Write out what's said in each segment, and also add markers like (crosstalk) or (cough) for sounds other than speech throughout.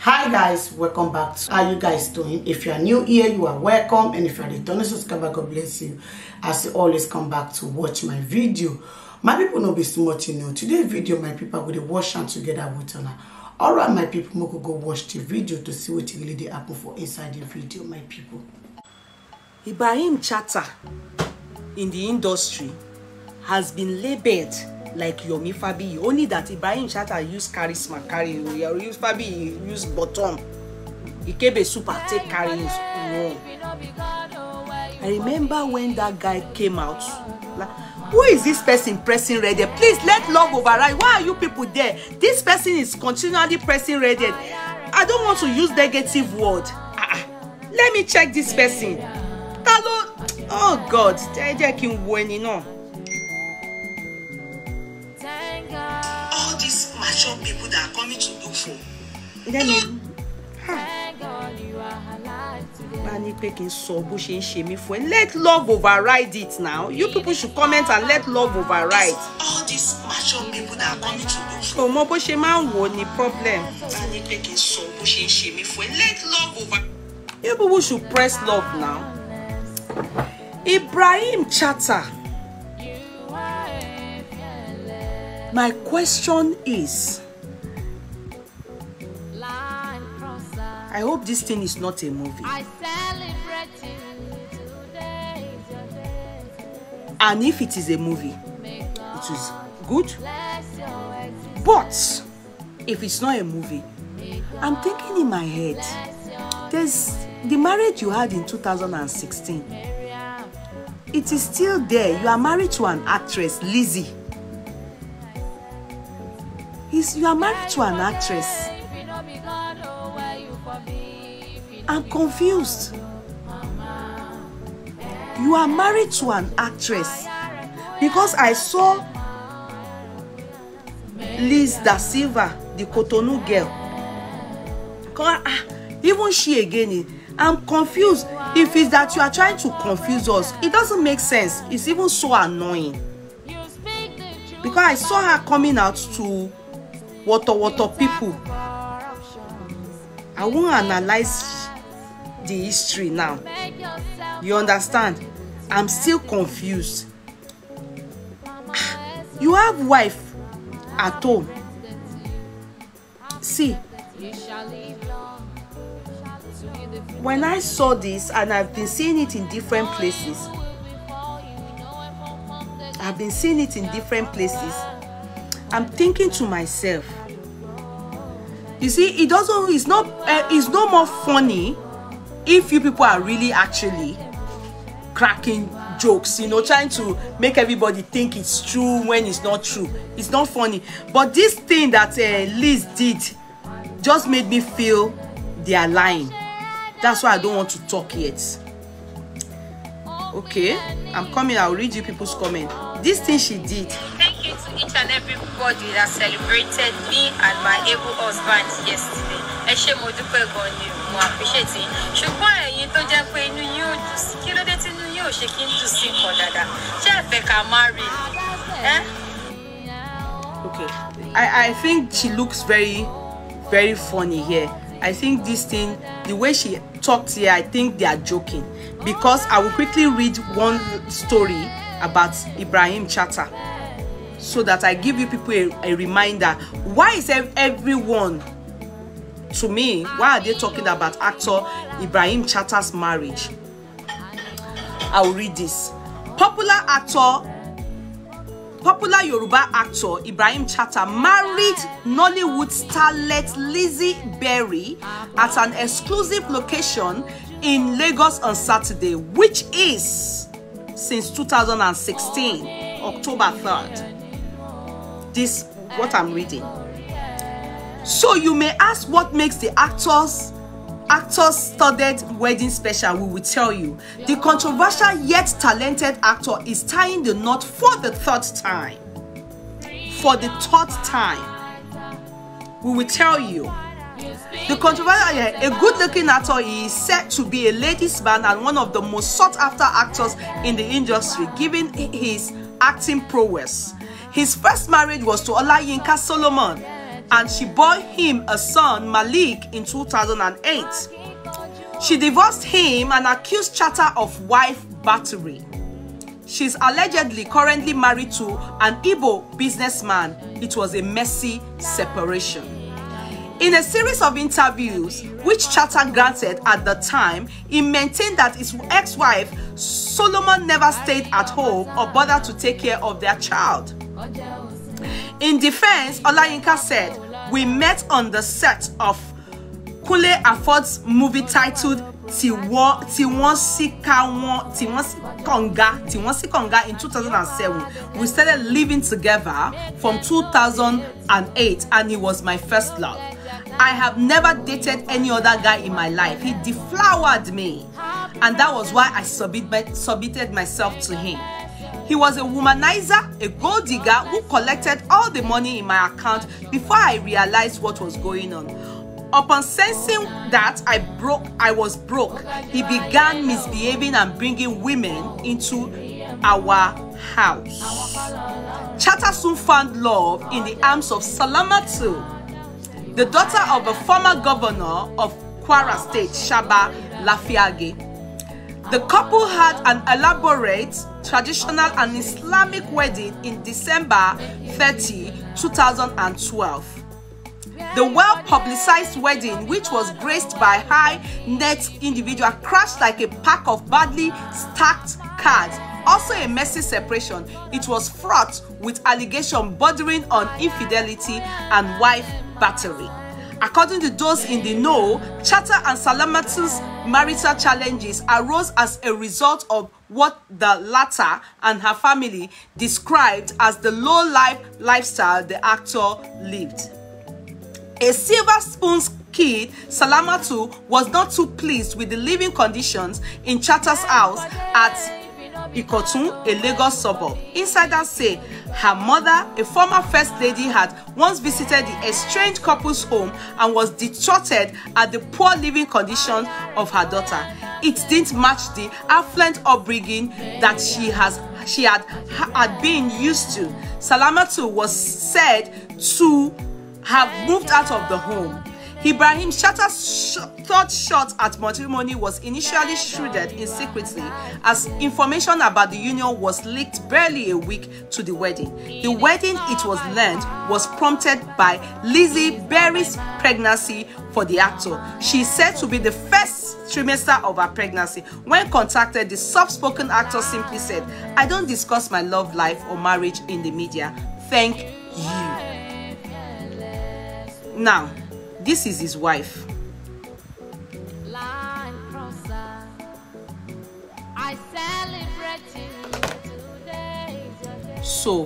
hi guys welcome back to how you guys doing if you are new here you are welcome and if you are returning subscriber god bless you as you always come back to watch my video my people know be too much you know today video my people will dey watch together with una all right my people make we go watch the video to see what really dey happen for inside the video my people. ibrahim chatter in the industry has been labelled like Yomi Fabi, only that Ibrahim Shatta use charisma carry him use Fabi, use bottom Ikebe Super take carry his own. Oh, I remember when that guy came out like who is this person pressing red there please let love override why are you people there this person is continually pressing red there I don't want to use negative word ah, ah. let me check this person ta oh God jẹ́ kí n wo ẹni náà. me to do for? Ǹjẹ́ mi ní pé kí n sọ bó ṣe ń ṣe mí fún ẹ let love override it now you people should comment and let love override. all these mature people that are coming to do for. ọmọ bó ṣe máa ń wò ní problem. bá ní pé kí n sọ bó ṣe ń ṣe mí fún ẹ let love over. you people should press love now. Ibrahim Chata, My question is. I hope this thing is not a movie. I celebrate you. Today is And if it is a movie, it is good. But if it's not a movie, I'm thinking in my head, there's the marriage you had in 2016. It is still there. You are married to an actress, Lizzie. He's, you are married to an actress. I'm confused. You are married to an actress because I saw Liz da Silva, the Cotonou girl. Ah, even she again, I'm confused. If it's that you are trying to confuse us, it doesn't make sense. It's even so annoying. Because I saw her coming out to water water people. I won't analyze the history now you understand i'm still confused (sighs) you have wife at home see when i saw this and i've been seeing it in different places i've been seeing it in different places i'm thinking to myself you see it doesn't it's not uh, it's no more funny if you people are really actually cracking jokes you know trying to make everybody think it's true when it's not true it's not funny but this thing that uh, liz did just made me feel they are lying that's why i don't want to talk yet okay i'm coming i'll read you people's comment this thing she did thank you to each and everybody that celebrated me and my able husband yesterday ẹ ṣé mo dúpẹ́ gan ni mo àpèṣètì ṣùgbọ́n ẹ̀yin tó jẹ́ pé inú yín ò dùn sí kí ló dé tí inú yín ò ṣe kí ń dùn sí nǹkan dáadáa ṣé ẹ fẹ́ ká má rí i. okay I, I think she looks very very funny here I think this thing the way she talked here I think they are joking because I will quickly read one story about Ibrahim Chatta so that I give you people a, a reminder why is everyone to me why are they talking about actor Ibrahim Chatta's marriage I'll read this popular actor popular Yoruba actor Ibrahim Chatta married Nollywood starlet Lizzie Berry at an exclusive location in Lagos on Saturday, which is since 2016, October 3rd. This what I'm reading. So you may ask what makes the actors actors studded wedding special we will tell you the controversial yet talented actor is tying the knot for the third time for the third time we will tell you the controversial yeah, a good-looking actor is said to be a ladies man and one of the most sought-after actors in the industry given his acting prowess his first marriage was to olayinka solomon and she bore him a son, Malik, in 2008. She divorced him and accused Chata of wife battery. She's allegedly currently married to an Igbo businessman. It was a messy separation. In a series of interviews, which Chata granted at the time, he maintained that his ex-wife, Solomon, never stayed at home or bothered to take care of their child. In defense, Olayinka said, We met on the set of Kule Afford's movie titled Tiwon Sikawa Tiwon Konga in 2007. We started living together from 2008 and he was my first love. I have never dated any other guy in my life. He deflowered me. And that was why I submitted myself to him. He was a womanizer, a gold digger who collected all the money in my account before I realized what was going on. Upon sensing that I broke, I was broke, he began misbehaving and bringing women into our house. Chata soon found love in the arms of Salamatu, the daughter of a former governor of Kwara State, Shaba Lafiage. The couple had an elaborate, traditional and Islamic wedding in December 30, 2012. The well-publicized wedding, which was graced by high-net individual, crashed like a pack of badly stacked cards. Also a messy separation, it was fraught with allegations bordering on infidelity and wife battery. According to those in the know, Chata and Salamatu's marital challenges arose as a result of what the latter and her family described as the low-life lifestyle the actor lived. A silver spoon's kid, Salamatu, was not too pleased with the living conditions in Chata's house at Ikotun, a Lagos suburb. Insiders say her mother, a former first lady, had once visited the estranged couple's home and was distorted at the poor living condition of her daughter. It didn't match the affluent upbringing that she has she had had been used to. Salamatu was said to have moved out of the home Ibrahim Shatter's sh third shot at matrimony was initially shrouded in secrecy as information about the union was leaked barely a week to the wedding. The wedding, it was learned, was prompted by Lizzie Berry's pregnancy for the actor. She said to be the first trimester of her pregnancy. When contacted, the soft-spoken actor simply said, I don't discuss my love life or marriage in the media. Thank you. Now, this is his wife. So,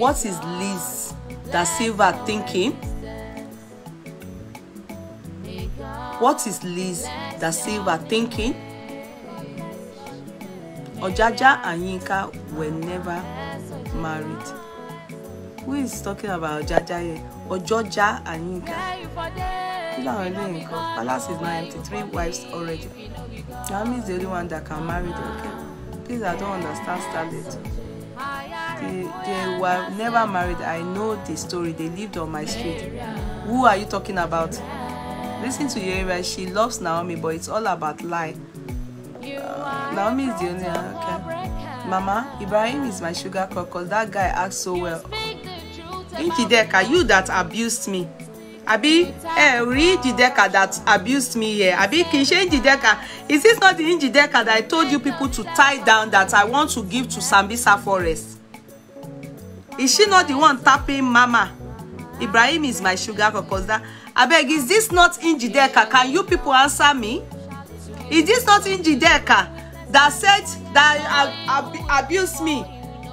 what is Liz da Silva thinking? What is Liz da Silva thinking? Ojaja and Yinka were never married who is talking about Jajaye or Georgia and Yinka? Kí làwọn ilé nǹkan? Palace is now empty, three wives already. Naomi is the only one that can marry them. Okay? Please, I don't understand starlet. They, they were never married. I know the story. They lived on my street. Who are you talking about? Listen to Yerira. She loves Naomi, but it's all about lie. Uh, Naomi is the only one. Okay. Mama, Ibrahim is my sugar because That guy acts so well. njideka you that abused me Abi, eh, we njideka that abused me here Abi, kì í is this not the njideka that i told you people to tie down that i want to give to sambisa forest is she not the one tapping mama ibrahim is my sugar kokoza abeg is this not Injideka? can you people answer me is this not Injideka that said that ab ab abused me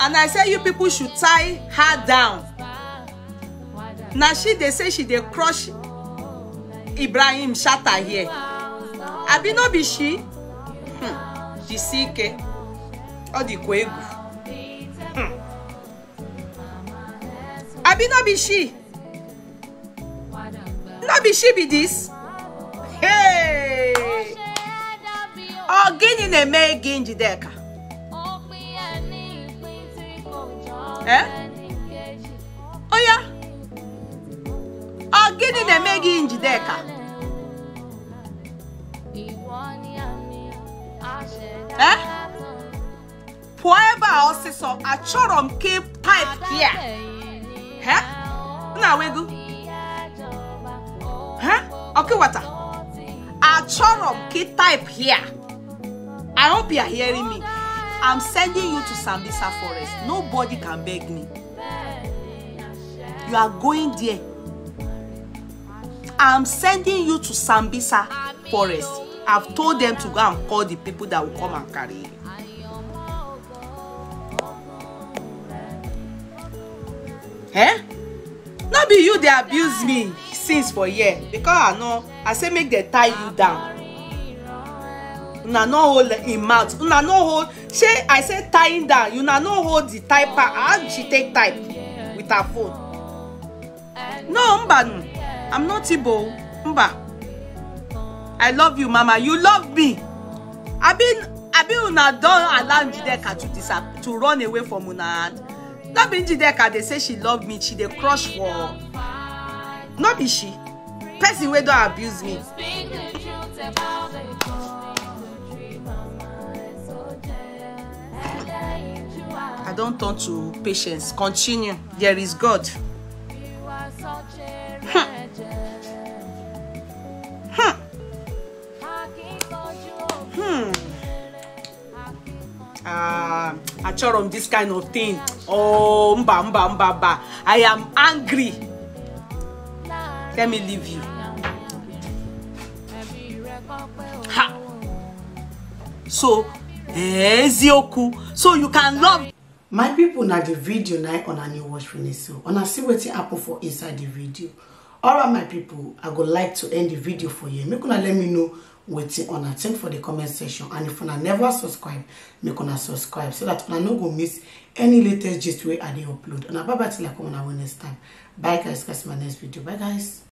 and i say you people should tie her down na she dey say she dey crush ibrahim shatta here abi no be she hmm. jisi ike ọ dịkwa egwu hmm. abi no be she no be she be this hey. ọ gịnị na-eme gị njideka eh? gịnị na-eme gị njideka eh? pụọ ebe a ọsịsọ achọrọ m ka pipe ya na awego ọkịwata achọrọ m ka type here i hope you are hearing me i'm sending you to sambisa forest nobody can beg me you are going there I'm sending you to Sambisa forest. I've told them to go and call the people that will come and carry you. Eh? Not be you they abuse me since for year because I know I say make they tie you down. Una no hold in mouth. Una no hold. Say I say tying down. Una no hold the type part. How she take type with her phone? No, mbanu. I'm not Igbo. Mba. I love you, Mama. You love me. I've been I've been una don allow Jideka to disap to run away from una hand. Not be Njideka, they say she loved me, she the crush for not be she. Person wey don't abuse me. I don't turn to patience. Continue. There is God. uh, achọrọ m this kind of thing oh mba mba mba ba! i am angry let me leave you ha so eziokwu eh, so you can love my people. na the video na una new watch finish so una see wetin happen for inside the video All right, my people. i go like to end the video for here make una let me know wetin una think for the comment section and if una never subscribe make una subscribe so that una no go miss any latest gist wey i dey upload una bye bye till i come una next time bye guys catch my next video bye guys